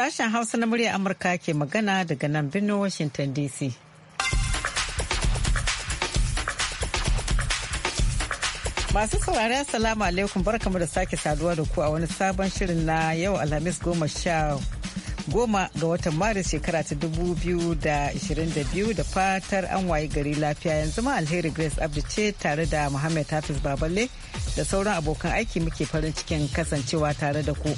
Sashen Hausa na murya Amurka ke magana daga nan birnin Washington DC. Masu saurari Assalamu alaikum barkamu da sake saduwa da ku a wani sabon shirin na yau Alhamis goma sha goma ga watan Maris shekara ta dubu biyu da ishirin da biyu da fatar an wayi gari lafiya yanzu ma alheri Grace Abdi ce tare da Muhammad Hafiz Baballe da sauran abokan aiki muke farin cikin kasancewa tare da ku.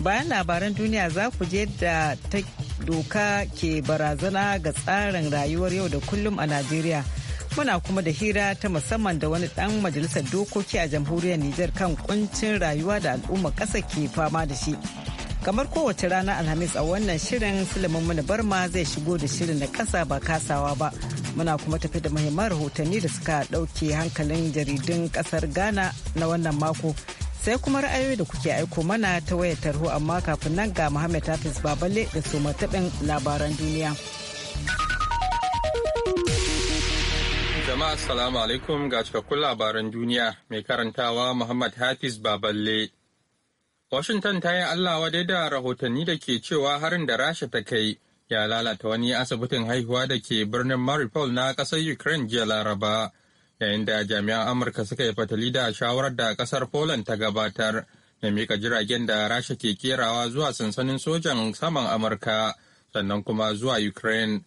bayan labaran duniya za ku je da ta doka ke barazana ga tsarin rayuwar yau da kullum a najeriya muna kuma da hira ta musamman da wani dan majalisar dokoki a jamhuriyar nijar kan kuncin rayuwa da al'umma ƙasa ke fama da shi kamar kowace rana alhamis a wannan shirin silimin mana barma zai shigo da shirin na kasa ba kasawa ba muna kuma tafi da muhimman rahotanni da suka ɗauke hankalin jaridun ƙasar ghana na wannan mako sai kuma ra'ayoyi da kuke aiko mana ta wayar tarho amma kafin nan ga Muhammad Hafiz Baballe da su mataɓin labaran duniya. Jama'a salamu alaikum ga cikakkun labaran duniya mai karantawa Muhammad Hafiz Baballe. Washington ta yi Allah wadai da rahotanni da ke cewa harin da Rasha ta kai ya lalata wani asibitin haihuwa da ke birnin Maripol na ƙasar Ukraine jiya Laraba. yayin da jami'an amurka suka yi fatali da shawarar da kasar poland ta gabatar da mika jiragen da rasha ke kerawa zuwa sansanin sojan saman amurka sannan kuma zuwa ukraine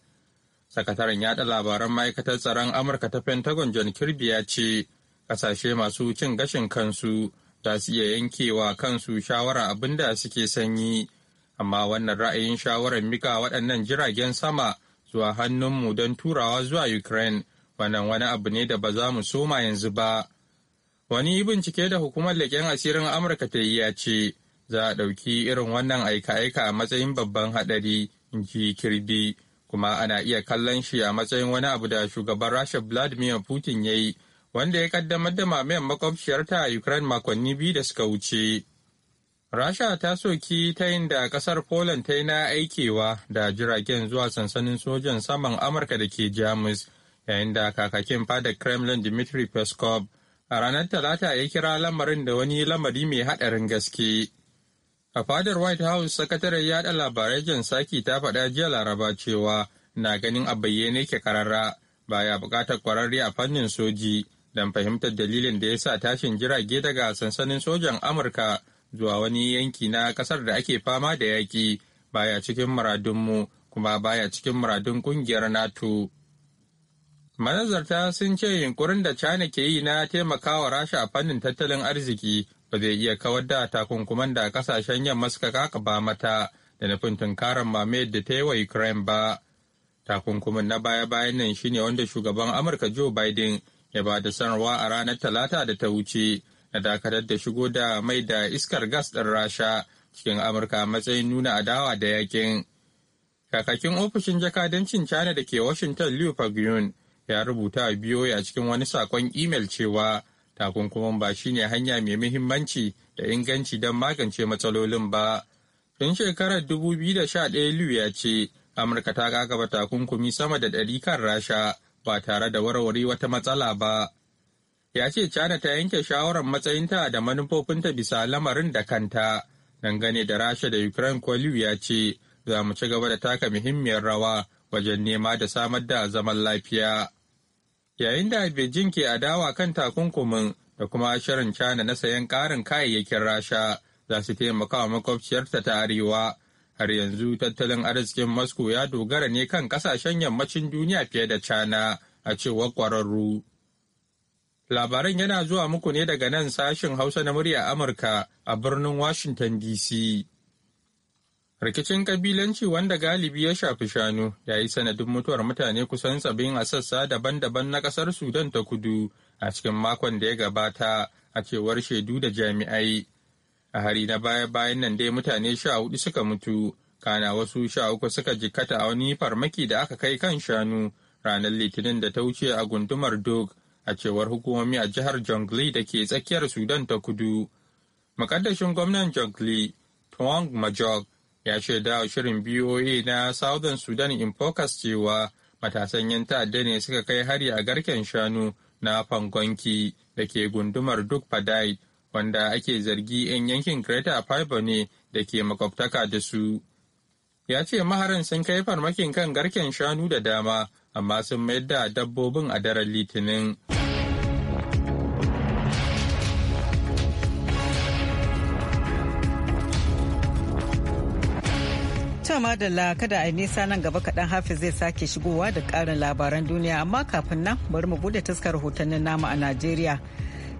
sakataren yada labaran ma'aikatar tsaron amurka ta pentagon john kirby ya ce kasashe masu cin gashin kansu za su iya yankewa kansu shawara abin da suke sanyi amma wannan ra'ayin shawarar mika waɗannan jiragen sama zuwa hannunmu don turawa zuwa ukraine wannan wani abu ne da ba za mu soma yanzu ba. Wani bincike da hukumar leƙen asirin Amurka ta yi ya ce, za a ɗauki irin wannan aika-aika a matsayin babban haɗari, in ji kuma ana iya kallon shi a matsayin wani abu da shugaban Rasha Vladimir Putin ya yi, wanda ya kaddamar da mamayan makwabciyarta a Ukraine makonni biyu da suka wuce. Rasha ta soki ta yin da ƙasar Poland ta yi na aikewa da jiragen zuwa sansanin sojan saman Amurka da ke Jamus yayin da kakakin fada kremlin dmitry peskov a ranar talata ya kira lamarin da wani lamari mai haɗarin gaske a fadar white house sakataren yaɗa labarai jan saki ta faɗa jiya laraba cewa na ganin a bayyane ke ba ya buƙatar kwararre a fannin soji don fahimtar dalilin da ya sa tashin jirage daga sansanin sojan amurka zuwa wani yanki na ƙasar da ake fama da yaƙi baya cikin muradunmu kuma baya cikin muradun ƙungiyar nato Manazarta sun ce yunkurin da China ke yi na taimakawa Rasha a fannin tattalin arziki ba zai iya kawar da takunkuman da kasashen yamma suka kaka ba mata da nufin tunkarar mamayar da ta yi wa Ukraine ba. Takunkumin na baya-bayan nan shine wanda shugaban Amurka Joe Biden ya ba da sanarwa a ranar Talata da ta wuce na dakatar da shigo da mai da iskar gas ɗin Rasha cikin Amurka matsayin nuna adawa da yakin. Kakakin ofishin jakadancin China da ke Washington Liu Pagyun ya rubuta a biyoyi a cikin wani sakon imel cewa takunkuman ba shine hanya mai muhimmanci da inganci don magance matsalolin ba. Tun shekarar 2011 Liu ya ce, Amurka ta gagaba takunkumi sama da ɗari kan Rasha ba tare da warware wata matsala ba. Ya ce China ta yanke shawarar matsayinta da manufofinta bisa lamarin da kanta. Dangane da Rasha da Ukraine ko Liu ya ce, za mu ci gaba da taka muhimmiyar rawa wajen nema da samar da zaman lafiya. yayin da Beijing ke adawa kan takunkumin da kuma shirin China na sayan ƙarin kayayyakin Rasha za su taimaka wa makwabciyarta ta Arewa. Har yanzu tattalin arzikin Moscow ya dogara ne kan ƙasashen yammacin duniya fiye da China a cewar ƙwararru. Labaran yana zuwa muku ne daga nan sashin Hausa na murya Amurka a birnin Washington DC. Rikicin kabilanci wanda galibi ya shafi shanu ya yi sanadin mutuwar mutane kusan saba'in a sassa daban-daban na ƙasar Sudan ta kudu a cikin makon da ya gabata a cewar shaidu da jami'ai. A hari na baya-bayan nan dai mutane sha hudu suka mutu, kana wasu sha uku suka jikkata a wani farmaki da aka kai kan shanu ranar litinin da ta wuce a gundumar Dog a cewar hukumomi a jihar jongli da ke tsakiyar Sudan ta kudu. Makaddashin gwamnan Jonglei, Tuang Majok, ya ce da shirin BOA na Southern Sudan in Focus cewa matasan 'yan ta'adda ne suka kai hari a garken shanu na Fangonki da ke gundumar Duk Fadai wanda ake zargi 'yan yankin Greater Fiber ne da ke makwabtaka da su. Ya ce maharan sun kai farmakin kan garken shanu da dama amma sun mayar da dabbobin a daren Litinin. ma da kada a nisa nan gaba kaɗan hafiz zai sake shigowa da ƙarin labaran duniya amma kafin nan bari mu bude taskar rahotannin namu a najeriya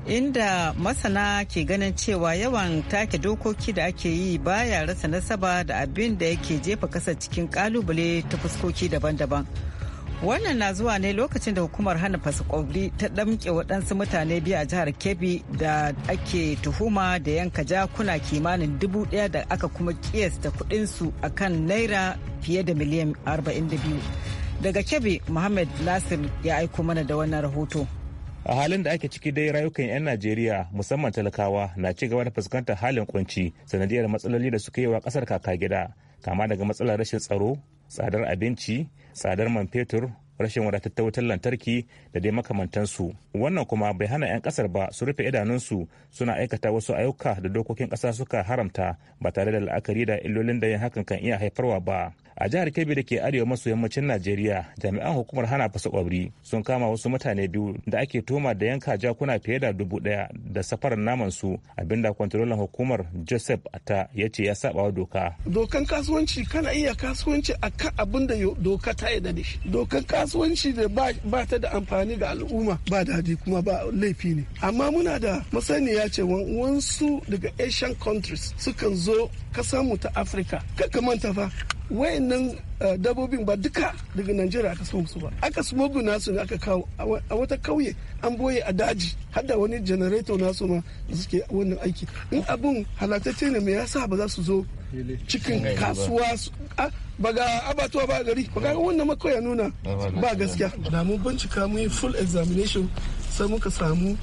inda masana ke ganin cewa yawan take dokoki da ake yi baya rasa nasaba da abin da yake jefa kasa cikin kalubale ta fuskoki daban-daban Wannan na zuwa ne lokacin da hukumar hana fasikobri ta damke waɗansu mutane biyu a jihar Kebbi da ake tuhuma da yanka jakuna kimanin dubu ɗaya da aka kuma kiyasta kuɗinsu a kan naira fiye da miliyan 42. Daga Kebbi, Muhammad Nasir ya aiko mana da wannan rahoto. a halin da ake ciki dai rayukan 'yan najeriya musamman talakawa na ci gaba da fuskantar halin kunci sanadiyar matsaloli da suka yi wa kasar kaka gida kama daga matsalar rashin tsaro tsadar abinci tsadar man fetur rashin wadatattun wutar lantarki da dai makamantansu wannan kuma bai hana 'yan kasar ba su rufe idanunsu suna aikata wasu ayyuka da dokokin ƙasa suka haramta ba tare da la'akari da illolin da yin hakan kan iya haifarwa ba a jihar kebbi da ke arewa maso yammacin najeriya jami'an hukumar hana fasa kwabri sun kama wasu mutane biyu da ake toma da yanka jakuna fiye da dubu daya da safarar naman su abinda kwantarolan hukumar joseph ata ya ce ya saba wa doka dokan kasuwanci kana iya kasuwanci akan abin da doka ta yi da ni dokan kasuwanci da ba ta da amfani ga al'umma ba daɗi kuma ba laifi ne amma muna da masaniya ce wansu daga asian countries sukan zo kasanmu ta afirka kakamanta fa wayannan eh, dabobin ba duka daga najeriya aka samu su ba aka smogu nasu ne aka kawo a wata kauye an boye a daji har da wani janareto nasu ma da suke wannan aiki in abun halatacce ne me yasa ba za su zo cikin kasuwa ba ga abatuwa ba gari ba ga wannan mako ya nuna ba gaskiya da mun bincika mun yi full examination sai muka samu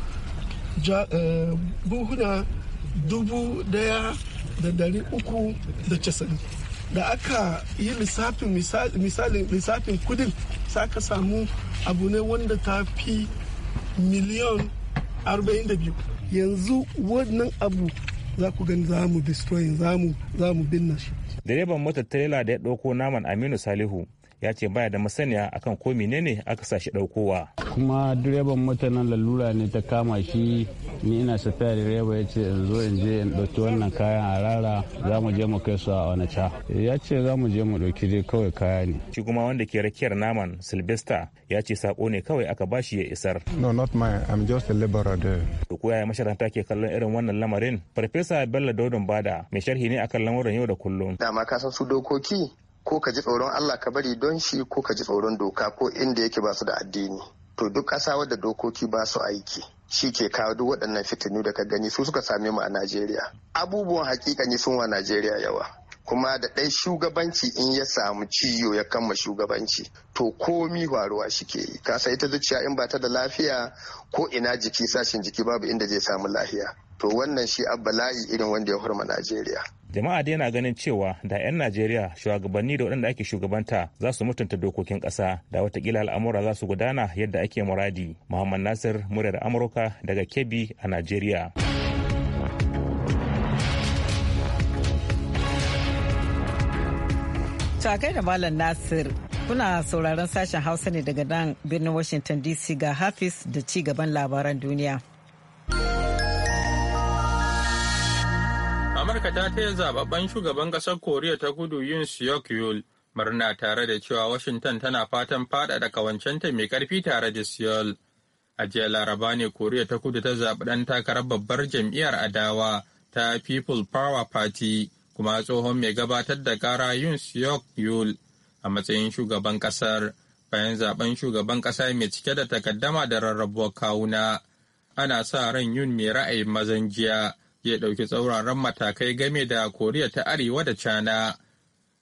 eh, buhuna dubu daya da dari uku da casa'in da aka yi lissafin misalin lissafin kudin sa ka samu abu ne wanda ta fi miliyan 42 yanzu wannan abu za ku gani za mu destroy za mu binna shi direban motar trailer da ya ɗauko naman aminu salihu ya ce baya da masaniya akan ko menene aka sa shi daukowa kuma direban mota nan lalura ne ta kama shi ni ina da direba ya ce in zo in je in dauki wannan kayan a rara za mu je mu kai su a ca ya ce za mu je mu dauki dai kawai kaya ne shi kuma wanda ke rakiyar naman sylvester ya ce sako ne kawai aka ba shi ya isar no not my i'm just a laborer there ko yaya masharanta ke kallon irin wannan lamarin farfesa bello dodon bada mai sharhi ne akan lamarin yau da kullum dama ka san su dokoki ko ka ji tsoron Allah ka bari don shi ko ka ji tsoron doka ko inda yake ba su da addini to duk ƙasa wadda dokoki ba su aiki shi ke kawo duk waɗannan fitinu da ka gani su suka same mu a Najeriya abubuwan ne sun wa Najeriya yawa kuma da ɗai shugabanci in ya samu ciyo ya kama shugabanci to komi faruwa shi ke yi Ka kasa ita zuciya in ba ta da lafiya ko ina jiki sashin jiki babu inda zai samu lafiya to wannan shi abbala'i irin wanda ya hurma najeriya jama'a dai na ganin cewa da 'yan najeriya shugabanni da waɗanda ake shugabanta za su mutunta dokokin ƙasa da watakila al'amura za su gudana yadda ake muradi muhammad nasir muryar amurka daga kebbi a najeriya Takai da Malam Nasir kuna sauraron sashen Hausa ne daga nan birnin Washington DC ga Hafiz da ci gaban labaran duniya. Amurka ta taya zababban shugaban ƙasar Koriya ta kudu yin Suyok Yul murna tare da cewa Washington tana fatan fada faɗaɗa kawancenta mai karfi tare da Seoul. A jiya Laraba ne Koriya ta kudu ta zaɓi ɗan takarar babbar jam'iyyar adawa ta People Power Party kuma tsohon mai gabatar da ƙara yin Suyok Yul a matsayin shugaban ƙasar bayan zaben shugaban ƙasa mai cike da takaddama da rarrabuwar kawuna. Ana sa ran Yun mai ra'ayin mazan jiya. ya ɗauki tsauraran matakai game da koriya ta arewa da cana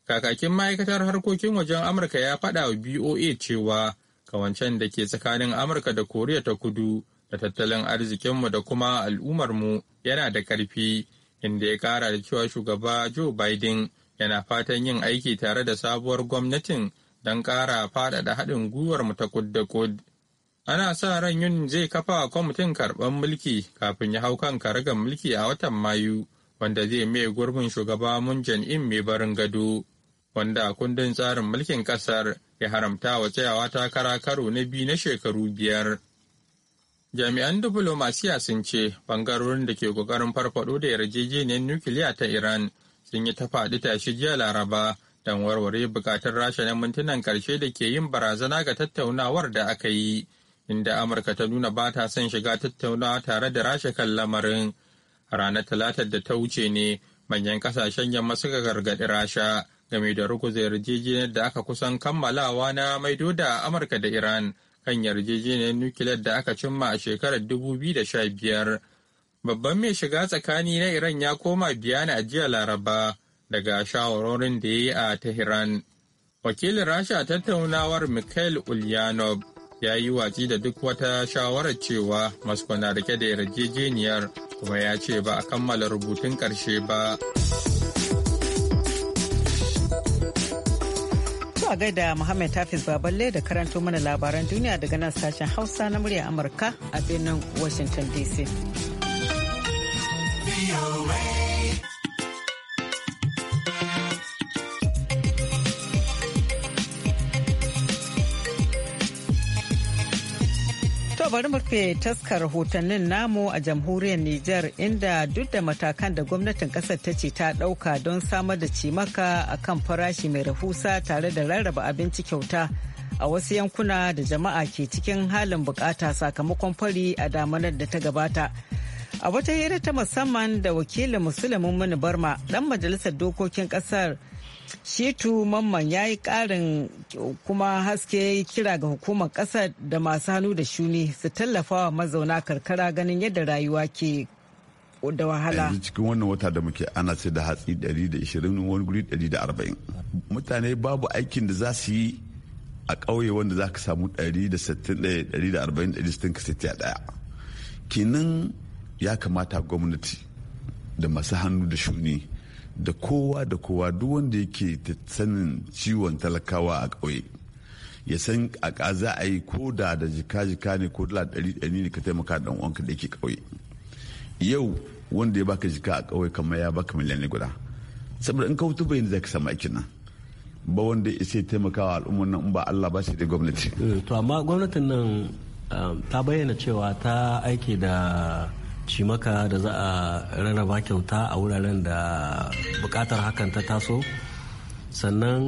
kakakin ma'aikatar harkokin wajen amurka ya faɗa wa boa cewa kawancen da ke tsakanin amurka da koriya ta kudu da tattalin arzikinmu da kuma al'ummarmu yana da ƙarfi inda ya ƙara da cewa shugaba joe biden yana fatan yin aiki tare da sabuwar gwamnatin don ƙara faɗaɗa haɗin gwiwar mu ta kud da kud ana sa ran yun zai kafa kwamitin karɓar mulki kafin ya hau kan karagar mulki a watan mayu wanda zai mai gurbin shugaba mun jan'in mai barin gado wanda kundin tsarin mulkin ƙasar ya haramta wa tsayawa takara karo na biyu na shekaru biyar jami'an diflomasiya sun ce ɓangarorin da ke kokarin farfaɗo da yarjejeniyar nukiliya ta iran sun yi ta faɗi tashi jiya laraba don warware bukatar rasha na mintunan ƙarshe da ke yin barazana ga tattaunawar da aka yi inda amurka ta nuna ba ta son shiga tattaunawa tare da rasha kan lamarin ranar talatar da ta wuce ne manyan kasashen yamma suka gargaɗi rasha game da ruguza yarjejeniyar da aka kusan kammalawa na maido da amurka da iran kan yarjejeniyar nukiliyar da aka cimma a shekarar 2015 babban mai shiga tsakani na iran ya koma biyana a jiya laraba daga shawarorin da ya yi a tehran wakilin rasha tattaunawar mikhail ulyanov ya yi watsi da duk wata shawarar cewa Moscow na rike da yarjejeniyar kuma ya ce ba a kammala rubutun ƙarshe ba. Zuwa gaida Muhammad Hafiz Baballe da karanto mana labaran duniya daga nan sashen Hausa na murya Amurka a birnin Washington DC. bari mu rufe taskar rahotannin namu a jamhuriyar Nijar inda duk da matakan da gwamnatin kasar ta ce ta dauka don samar da cimaka a kan farashi mai rahusa tare da rarraba abinci kyauta a wasu yankuna da jama'a ke cikin halin bukata sakamakon fari a damanar da ta gabata. A wata hira ta musamman da wakilin musulmin mini barma ɗan majalisar dokokin kasar. Shitu Mamman ya yi ƙarin kuma haske kira ga hukumar ƙasar da masu hannu da shuni su tallafa wa mazauna karkara ganin yadda rayuwa ke da wahala. Yanzu cikin wannan wata da muke ana sai da hatsi 120 wani guri 140. Mutane babu aikin da za su yi a ƙauye wanda za ka samu 160 140 160 Kinan ya kamata gwamnati da masu hannu da shuni da kowa da kowa duk wanda yake sanin ciwon talakawa a ƙauye ya san a za a yi ko da da jika jika ne ko dala ɗari ɗari ne ka taimaka da uwanka da yake ƙauye yau wanda ya baka jika a ƙauye kamar ya baka miliyan guda saboda in ka hutu bayan zai ka samu aikin nan ba wanda ya sai taimakawa al'ummar nan in ba Allah ba shi da gwamnati. Eh, to amma gwamnatin nan ah, ta bayyana cewa ta aiki da shi maka da za a rarraba kyauta a wuraren da bukatar hakan ta taso sannan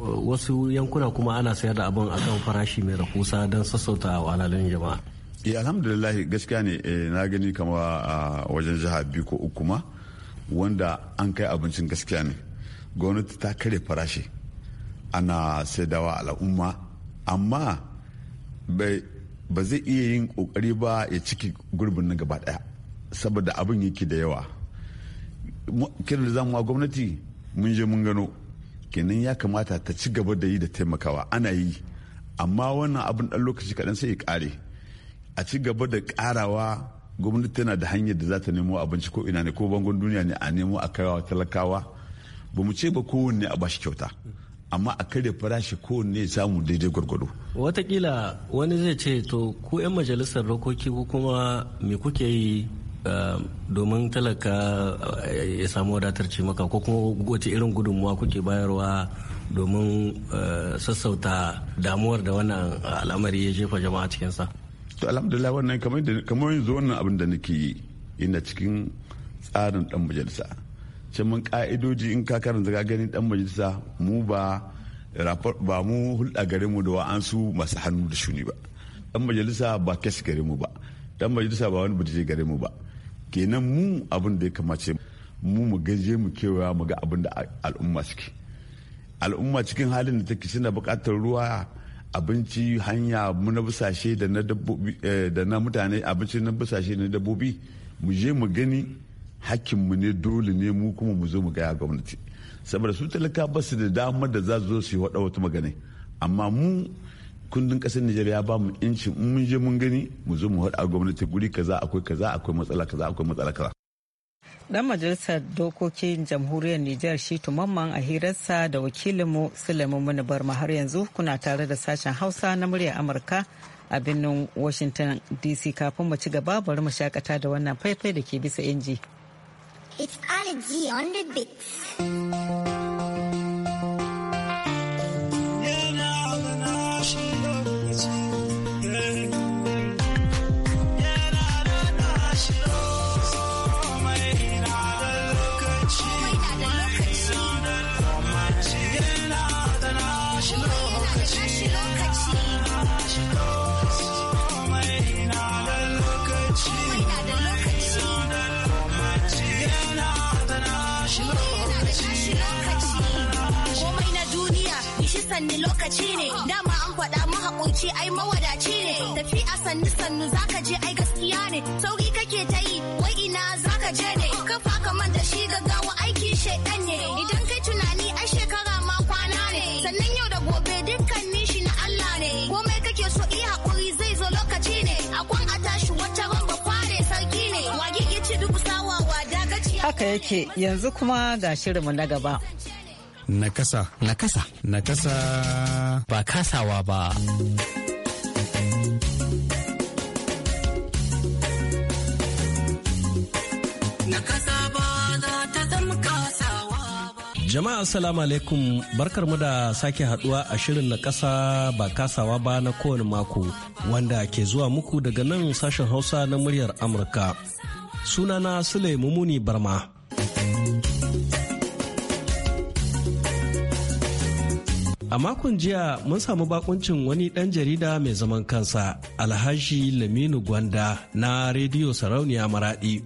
uh, wasu yankuna kuma ana sayar da abin akan farashi mai rahusa don sassauta wahalhalun jama'a eh, alhamdulillah gaskiya ne eh, na gani kama a wajen jiha biyu ko uku ma wanda an kai abincin gaskiya ne gwamnati ta kare farashi ana saidawa al'umma amma ba zai iya yin kokari ba ya ciki gurbin na gaba daya saboda abin yake da yawa kiran da zamuwa gwamnati mun je mun gano kenan ya kamata ta ci gaba da yi da taimakawa ana yi amma wannan abin dan lokaci kaɗan sai ya kare a ci gaba da ƙarawa gwamnati tana da hanyar da za ta nemo abinci ko ina ne ko bangon duniya ne a nemo a kaiwa talakawa ba mu ce ba kowanne a bashi kyauta amma a karya farashi kowanne ya samu daidai gwargwado. watakila wani zai ce to ku 'yan majalisar dokoki ko kuma me kuke yi Eh, domin talaka eh, ya samu wadatar maka ko kuma wace irin gudunmuwa kuke bayarwa domin eh, sassauta damuwar da wannan al'amari ya jefa jama'a cikinsa to alhamdulillah wannan kamar yanzu wannan abin da nake yi ina cikin tsarin dan majalisa can mun ka'idoji in ka karanta ka gani dan majalisa mu ba ba mu hulɗa gare mu da wa'ansu masu hannu da shuni ba dan majalisa ba kes gare mu ba dan majalisa ba wani budje gare mu ba kenan mu abin da ya kamace mu mu gaje mu kewaya mu ga abin da al'umma suke al'umma cikin halin da take suna buƙatar ruwa abinci hanya mu na busashe da na dabbobi eh, da na mutane abinci na busashe na dabbobi mu je mu gani hakkin mu ne dole ne mu kuma mu zo mu ga gwamnati saboda su talaka ba su da damar da za su zo su yi wada wata magana amma mu kundin kasar Nijar ya ba mu inci mun je mun gani mu zo mu hada gwamnati guri kaza akwai kaza akwai matsala kaza akwai matsala kaza. Dan majalisar dokokin jamhuriyar Nijar shi mamman a hirarsa da wakilinmu Suleiman Muni Barma har yanzu kuna tare da sashen Hausa na muryar Amurka a birnin Washington DC kafin mu ci gaba bari mu shakata da wannan faifai da ke bisa inji. It's allergy on the bits. sanni lokaci ne dama an faɗa mahaƙunci ai mawadaci ne tafi a sanni sannu zaka je ai gaskiya ne sauri kake ta yi wai ina zaka je ne kafa ka manta shi gaggawa aiki shaidan ne idan kai tunani ai shekara ma kwana ne sannan yau da gobe dukkanin shi na Allah ne komai kake so iya haƙuri zai zo lokaci ne akwan a tashi wata ramba kware sarki ne wage ya ce duk sawawa dagaci haka yake yanzu kuma ga shirinmu na gaba Nakasa. Nakasa. Nakasa. Ba kasawa ba. Jama'a Assalamu alaikum barkarmu da sake haduwa a shirin na kasa ba kasawa ba na kowane mako wanda ke zuwa muku daga nan sashen Hausa na muryar Amurka. Sunana Sule Mumuni Barma. A makon jiya mun samu bakuncin wani ɗan jarida mai zaman kansa Alhaji Laminu Gwanda na Rediyo Sarauniya Maradi.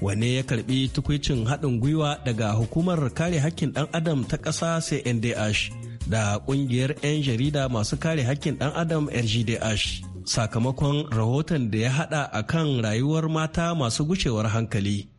Wane ya karbi tukwicin haɗin gwiwa daga hukumar kare hakkin ɗan adam ta ƙasa CNDH da ƙungiyar 'yan jarida masu kare hakkin ɗan adam RGDH sakamakon rahoton da ya haɗa akan rayuwar mata masu gushewar hankali.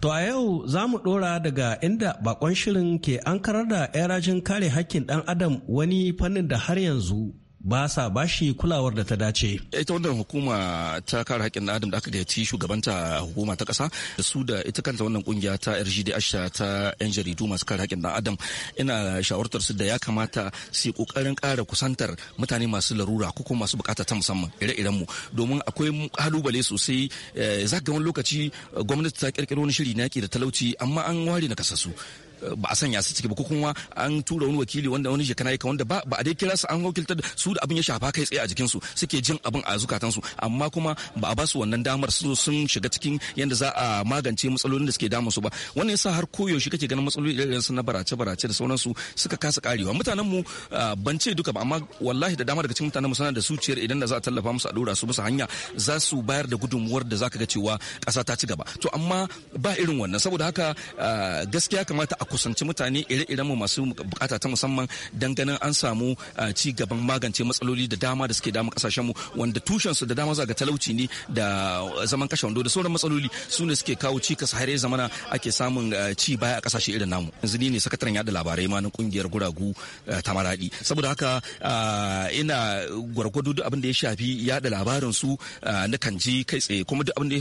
To a yau za mu ɗora daga inda bakon shirin ke ankarar da 'yarajin kare hakkin ɗan adam wani fannin da har yanzu ba sa bashi kulawar da ta dace. Ita wannan hukuma ta kare haƙƙin ɗan Adam da aka gayyaci shugabanta hukuma ta ƙasa da su da ita kanta wannan kungiya ta RGD Asha ta 'yan jaridu masu kare haƙƙin ɗan Adam ina shawartar su da ya kamata su yi ƙoƙarin ƙara kusantar mutane masu larura ko kuma masu bukata ta musamman ire-iren mu domin akwai halubale sosai eh, za ga wani lokaci eh, gwamnati ta ƙirƙiro wani shiri na yaƙi da talauci amma an ware na kasasu ba a sanya su ciki ba ko kuma an tura wani wakili wanda wani shekana yaka wanda ba a dai kira su an wakiltar su da abin ya shafa kai tsaye a jikin su suke jin abin a zukatan su amma kuma ba a ba su wannan damar su sun shiga cikin yadda za a magance matsalolin da suke damun su ba wannan yasa har koyaushe kake ganin matsaloli irin su na barace barace da sauran su suka kasa karewa mutanen mu ban ce duka ba amma wallahi da dama daga cikin mutanen mu suna da zuciyar idan da za a tallafa musu a dora su musu hanya za su bayar da gudunmuwar da zaka ga cewa kasa ta ci gaba to amma ba irin wannan saboda haka gaskiya kamata a kusanci mutane ire-iren mu masu bukata ta musamman dan ganin an samu ci gaban magance matsaloli da dama da suke damun kasashen mu wanda tushen su da dama za ga talauci ne da zaman kashe wando da sauran matsaloli su ne suke kawo cikas har zamana ake samun ci baya a kasashe irin namu yanzu ni ne sakataren yada labarai ma na kungiyar guragu ta maradi saboda haka ina gwargwado duk abin da ya shafi yada labarin su na kan ji kai tsaye kuma duk abin da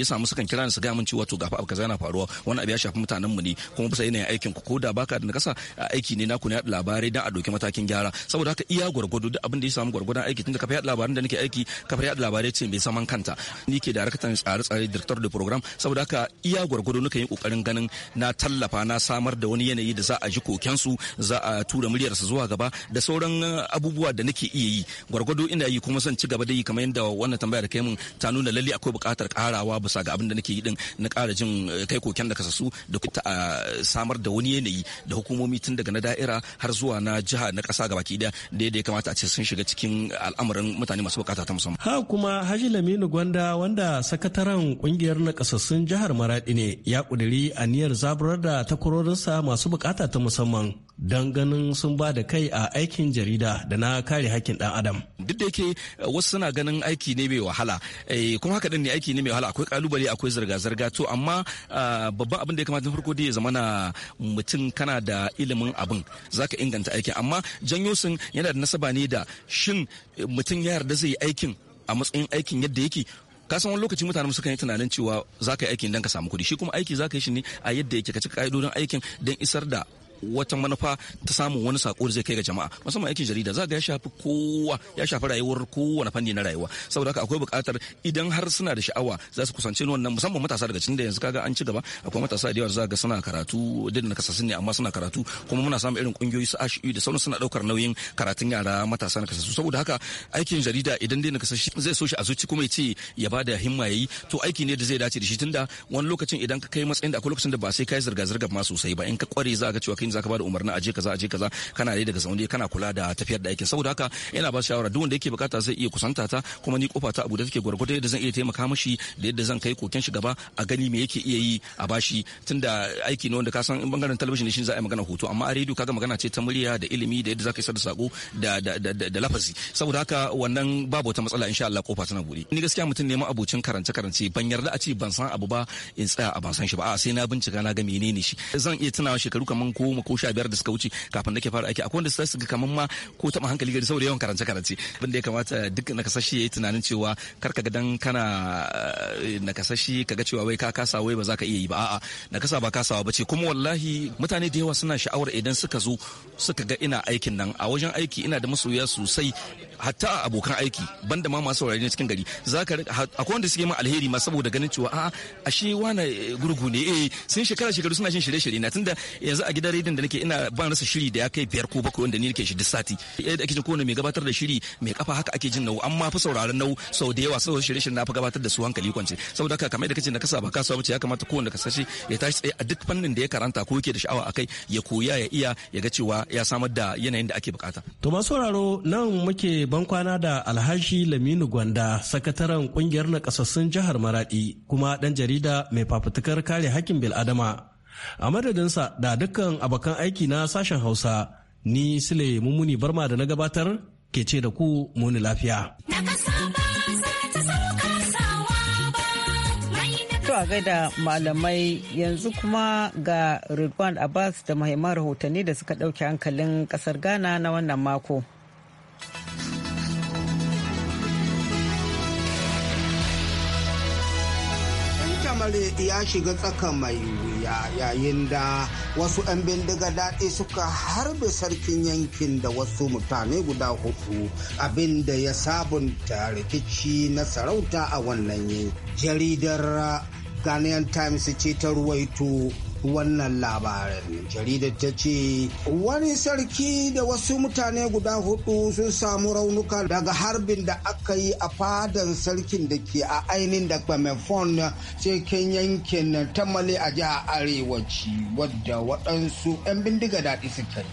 ya samu sukan kira ni su ga mun cewa to gafa abu kaza yana faruwa wannan abu ya shafi mutanen mu ne kuma bisa yanayin aikin ku ko da baka da nakasa aiki ne naku na yaɗa labarai dan a ɗauki matakin gyara saboda haka iya gwargwado duk abin da ya samu gwargwadon aiki tunda kafa yaɗa labarin da nake aiki ka yaɗa labarai ce mai saman kanta ni ke daraktan tsare-tsare director da program saboda haka iya gwargwado nuka yi kokarin ganin na tallafa na samar da wani yanayi da za a ji su za a tura su zuwa gaba da sauran abubuwa da nake iya yi gwargwado ina yi kuma zan ci gaba da yi kamar yadda wannan tambaya da kai mun ta nuna lalle akwai buƙatar karawa bisa ga abin da nake yi din na ƙara jin eh, kai koken da kasasu da a samar samar da wani yanayi da hukumomi tun daga na da'ira har zuwa na jiha na kasa gabaki daya da ya kamata a ce sun shiga cikin al'amarin mutane masu bukata ta musamman. Ha kuma Haji Laminu Gwanda wanda sakataren kungiyar na kasassun jihar Maradi ne ya kuduri aniyar zaburar da takwarorinsa masu bukata ta musamman don ganin sun ba da kai a aikin jarida da na kare hakkin ɗan adam. Duk da yake eh, wasu suna ganin aiki ne mai wahala eh, kuma haka din ne aiki ne mai wahala akwai kalubale akwai zirga-zirga to amma ah, babban abin da ya kamata farko dai ya zama na mutum kana da ilimin abin zaka inganta aikin amma janyo sun yana da nasaba ne da shin eh, mutum ya yarda zai yi aikin a matsayin aikin yadda yake ka san wani lokaci mutane suka yi tunanin cewa za ka yi aikin don ka samu kuɗi shi kuma aiki za ka yi shi ne a yadda yake ka cika ka'idodin aikin don isar da wata manufa ta samun wani sako da zai kai ga jama'a musamman aikin jarida za ga ya shafi kowa ya shafi rayuwar kowane fanni na rayuwa saboda haka akwai buƙatar idan har suna da sha'awa za su kusance wannan musamman matasa daga cikin da yanzu kaga an ci gaba akwai matasa da yawa za ga suna karatu duk da kasassun ne amma suna karatu kuma muna samun irin kungiyoyi su ashi e da sauran suna daukar nauyin karatun yara matasa na kasassu saboda haka aikin jarida idan dai na kasashe zai so shi a zuci kuma ya ce ya bada himma yayi to aiki ne da zai dace da shi tunda wani lokacin idan ka kai matsayin da akwai lokacin da ba sai kai zirga zirga ma sosai ba in ka kware za ga cewa kai zaka bada umarni a je kaza a je kaza kana dai daga zaune kana kula da tafiyar da aikin saboda haka yana ba shawara duk wanda yake bukata zai iya kusanta ta kuma ni kofa ta abu da take gwargwado yadda zan iya taimaka mashi da yadda zan kai koken shi gaba a gani me yake iya yi a bashi tunda aiki ne wanda ka san in bangaren talabijin shi za a yi magana hoto amma a rediyo kaga magana ce ta murya da ilimi da yadda zaka isar da sako da da lafazi saboda haka wannan babu wata matsala insha Allah kofa tana buɗe ni gaskiya mutum ne ma karance karance ban yarda a ce ban san abu ba in tsaya a ban san shi ba a sai na bincika na ga menene shi zan iya tunawa shekaru kaman ko goma ko sha biyar da suka wuce kafin nake fara aiki akwai wanda su ga kamar ma ko taɓa hankali gari saboda yawan karance karance abin da ya kamata duk nakasashe ya yi tunanin cewa kar ka ga dan kana eh, kasashe ka ga cewa wai ka kasa wai ba za ka iya yi ba a'a nakasa ba kasawa ba ce kuma wallahi mutane da yawa suna sha'awar idan suka zo suka ga ina aikin nan a wajen aiki ina da masoya sosai hatta abokan aiki banda ma masu saurari cikin gari za ka akwai wanda suke ma alheri ma saboda ganin cewa a'a ashe wani eh, gurgu ne eh sun shekara shekaru suna shin shirye-shirye na tunda yanzu a gidan din da nake ina ban rasa shiri da ya kai biyar ko bakwai wanda ni nake shi duk sati yadda ake jin kowane mai gabatar da shiri mai kafa haka ake jin nau amma fi sauraron nau sau da yawa sau shirye na fi gabatar da su hankali kwance saboda haka kamar da kace na kasa ba kasuwa bace ya kamata kowanne kasashe ya tashi tsaye a duk fannin da ya karanta ko yake da sha'awa kai ya koya ya iya ya ga cewa ya samar da yanayin da ake bukata to masu sauraro nan muke ban kwana da Alhaji Laminu Gwanda sakataren kungiyar na kasassun jihar Maradi kuma dan jarida mai fafutukar kare hakkin bil'adama a madadinsa da dukkan abokan aiki na sashen hausa ni sule mummuni barma da na gabatar ke ce da ku muni lafiya a gaida malamai yanzu kuma ga Ridwan Abbas da mahimman rahotanni da suka ɗauki hankalin ƙasar Ghana na wannan mako. al'amari ya shiga tsaka mai wuya yayin da wasu 'yan bindiga daɗi suka harbe sarkin yankin da wasu mutane guda hudu abinda ya sabunta rikici na sarauta a wannan yi jaridar ghanaian times ce ta ruwaito wannan labarin jaridar ta ce wani sarki da wasu mutane guda hudu sun samu raunuka daga harbin da aka yi a fadan sarkin da ke a ainihin da bamefon cikin yankin tamale a jihar arewaci wadda waɗansu 'yan bindiga daɗi suka yi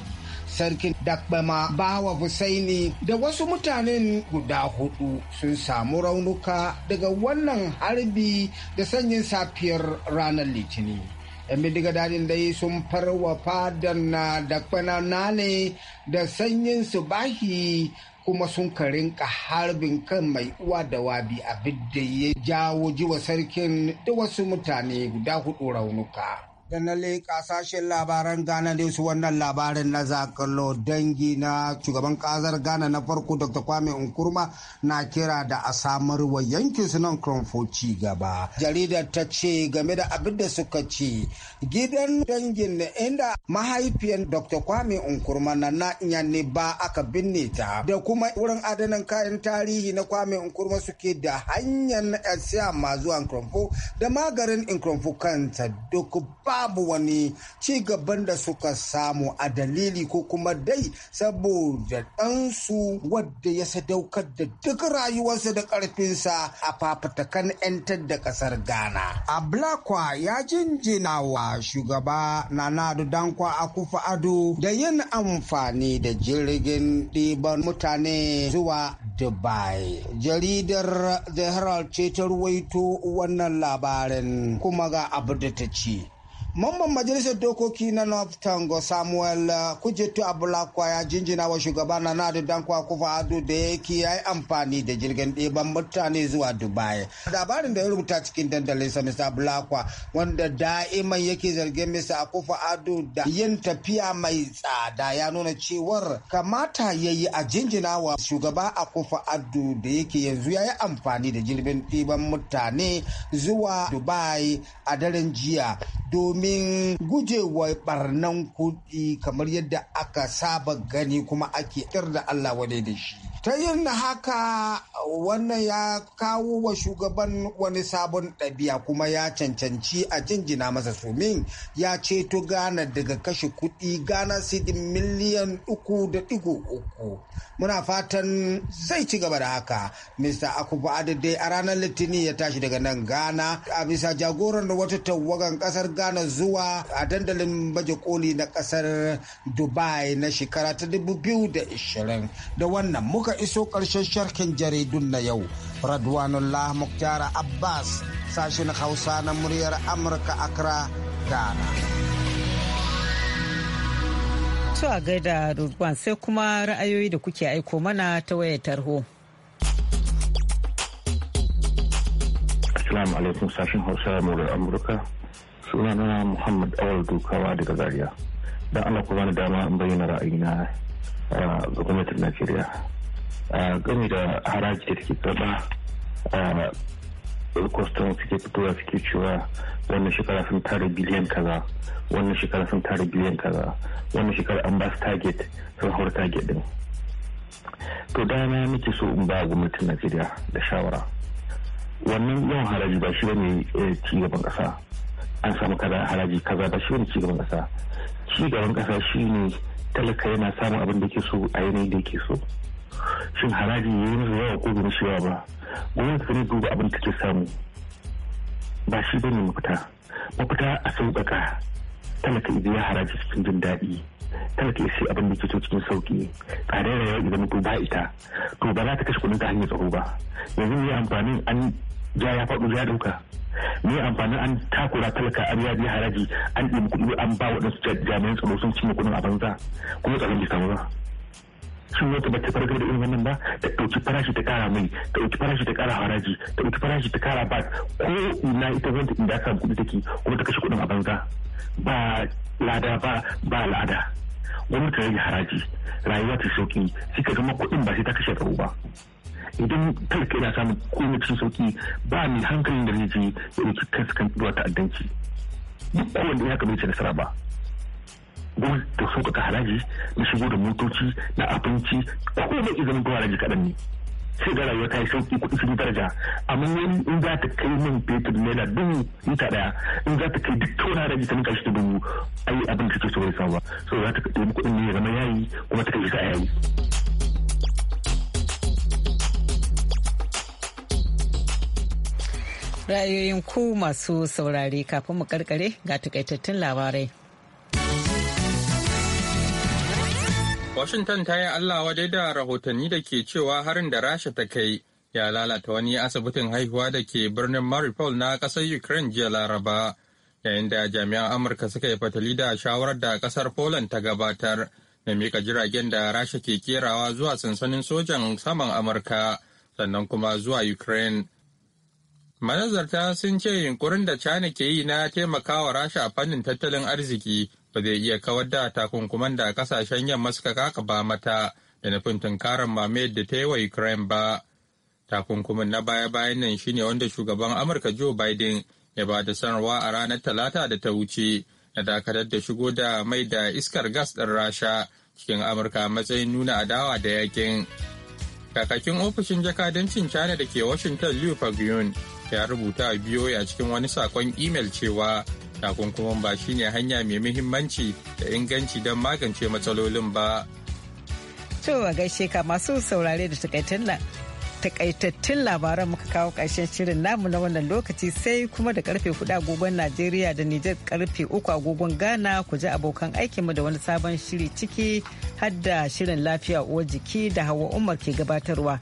sarkin dakbama bawa Husaini da wasu mutanen guda hudu sun samu raunuka daga wannan harbi da sanyin safiyar ranar litinin. 'yan bindiga dadin dai sun farwa fadan na da kwanana ne da sanyin su bahi kuma sun karinka harbin kan mai uwa da wabi abin da ya jawo jiwa sarkin da wasu mutane guda hudu raunuka. da na sashen labaran Ghana ne su wannan labarin na zakalo dangi na shugaban Kazar Ghana na farko Dr. Kwame Nkrumah na kira da a samar wa yankin su nan Kronfo ci gaba. Jarida ta ce game da abin da suka ce gidan dangin inda mahaifiyar Dr. Kwame Nkrumah na na iya ne ba aka binne ta da kuma wurin adanan kayan tarihi na Kwame Nkrumah suke da hanyar na zuwa da magarin Nkrumah kanta duk ba babu wani ci gaban da suka samu a dalili ko kuma dai saboda ɗansu wadda ya sadaukar da duk rayuwarsa da ƙarfinsa a fafatakan 'yantar da ƙasar ghana ablakwa ya jinjina wa shugaba nanadu dankwa a kufa ado da yin amfani da jirgin ɗiban mutane zuwa dubai jaridar the herald ce ta ruwaito wannan labarin kuma ga abu da ta ce Mamban majalisar dokoki na North Tango Samuel uh, Kujetu Abulakwa ya jinjina wa shugaba na Nadu Dankwa Kufa adu da yake ya yi amfani da jirgin ɗiban mutane zuwa Dubai. Labarin da ya rubuta cikin dandalin sa Mr. Abulakwa wanda da'iman yake zargin Mr. Akufa adu da yin tafiya mai tsada ya nuna cewar kamata ya yi a jinjina wa shugaba Akufa adu da yake yanzu ya yi amfani da jirgin ɗiban mutane zuwa Dubai a daren jiya domin domin gujewa barnan kuɗi kamar yadda aka saba gani kuma ake da Allah wadai da shi. Ta yin haka wannan ya kawo wa shugaban wani sabon ɗabi'a kuma ya cancanci a jinjina masa sumin ya ceto gana daga kashe kuɗi gana sidin miliyan uku da ɗigo uku. Muna fatan zai ci gaba da haka. Mr. Akubu Adade a ranar Litinin ya tashi daga nan Ghana a bisa jagoran da wata tawagan ƙasar gana zuwa a dandalin baje koli na kasar dubai na shekara ta 2020 da da wannan muka iso karshen sharkin jaridun na yau radwanullah muktara abbas sashen hausa na muryar amurka accra ghana to a gaida Rudwan sai kuma ra'ayoyi da kuke aiko mana ta wayar tarho. Assalamu alaikum sashen Hausa murar Amurka. sunana muhammad awal dukawa daga zaria don ana ku bani dama an bayyana ra'ayi na ah, gwamnatin najeriya ah, gami da haraji da take a ah, kwastan suke fitowa suke cewa wannan shekara sun tara biliyan kaza wannan shekara sun tara biliyan kaza wannan shekara an ba su target sun hau target din to dama nake so in ba gwamnatin najeriya da shawara wannan yawan haraji ba shi ne eh, ci gaban kasa an samu kaza haraji kaza ba shi wani cigaban kasa cigaban kasa ne talaka yana samun abin da ke so a yanayin da ke so shin haraji ya yi masa yawa ko bai shi yawa ba gwamnati ta ne duba abin da take samu ba shi bane mafita mafita a sauƙaƙa talaka idan ya haraji cikin jin daɗi talaka ya sai abin da ke so cikin sauƙi tsadar rayuwa idan ko ba ita to ba za ta kashe kuɗin ta hanyar tsaro ba yanzu ya amfanin an ja ya faɗo ya ɗauka ne amfanin an takura talaka an yaji haraji an ɗin kuɗi an ba waɗansu jami'an tsaro sun cinye kuɗin a banza kuma tsaron bai samu ba sun wata bata fargar da irin wannan ba ta ɗauki farashi ta kara mai ta ɗauki farashi ta kara haraji ta ɗauki farashi ta kara bat ko ina ita wanda inda aka kuɗi take kuma ta kashe kuɗin a banza ba lada ba ba lada gwamnati rage haraji rayuwa ta sauki sai ka zama kuɗin ba sai ta kashe tsaro ba idan talaka yana samun komai cikin sauki ba mai hankalin da zai ya ɗauki kansa kan zuwa ta'addanci duk kowanne ya kamata nasara ba gwamnati ta sauƙaƙa haraji na shigo da motoci na abinci ko komai izinin zuwa haraji kaɗan ne sai ga rayuwa ta yi sauƙi kuɗi sun daraja amma wani in za ta kai man fetur naira dubu mita ɗaya in za ta kai duk wani haraji ta ninka shi da dubu ayi abin da kake so ya samu ba so za ta ɗebi kuɗin ne ya zama yayi kuma ta kai shi a yayi. Ra'ayoyin ku masu saurare kafin mu karkare ga takaitattun labarai. Washington ta yi Allah wadai da rahotanni da ke cewa harin da Rasha ta kai ya lalata wani asibitin haihuwa da ke birnin Mariupol na ƙasar Ukraine jiya Laraba, yayin da jami'an Amurka suka yi fatali da shawarar da ƙasar Poland ta gabatar da mika jiragen da Rasha ke kerawa zuwa sansanin sojan saman Amurka sannan kuma zuwa Ukraine. Manazarta sun ce yunkurin da China ke yi na taimakawa Rasha a fannin tattalin arziki ba zai iya kawar da takunkuman da kasashen yamma suka kaka ba mata da nufin tunkarar mamayar da ta yi wa Ukraine ba. Takunkumin na baya-bayan nan shi ne wanda shugaban Amurka Joe Biden ya ba da sanarwa a ranar Talata da ta wuce na dakatar da shigo da mai da iskar gas ɗin Rasha cikin Amurka matsayin nuna adawa da yakin. Kakakin ofishin jakadancin China da ke Washington Liu Fagyun ta ya rubuta a biyo a cikin wani sakon imel cewa takunkuman ba shine hanya mai muhimmanci da inganci don magance matsalolin ba. To a gaishe ka masu saurare da takaitattun labaran muka kawo ƙarshen shirin namu na wannan lokaci sai kuma da karfe 4 agogon Najeriya da Nijar karfe 3 agogon Ghana ku ji abokan aikinmu da wani sabon shiri ciki hadda shirin lafiya uwar jiki da hawa umar ke gabatarwa.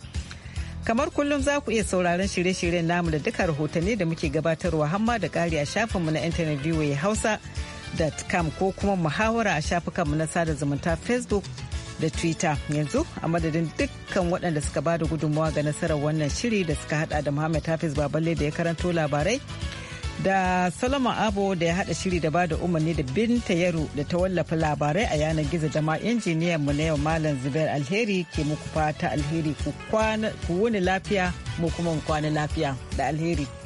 Kamar kullum za ku iya sauraron shirye-shiryen namu da duka rahotanni da muke gabatarwa hamma da ƙari a shafinmu na intanet ya Hausa. ko kuma muhawara a shafukanmu na sada zumunta facebook da twitter yanzu a madadin dukkan waɗanda suka ba da gudunmawa ga nasarar wannan shiri da suka hada da muhammad hafiz baballe da ya karanto labarai da Salomon Abo da ya haɗa shiri da ba da umarni da Binta Yaro da ta wallafa labarai a yanar gizo da ma injiniyan mu na yau Malam Zubair Alheri ke muku fata alheri ku wuni lafiya mu kuma kwana lafiya da alheri.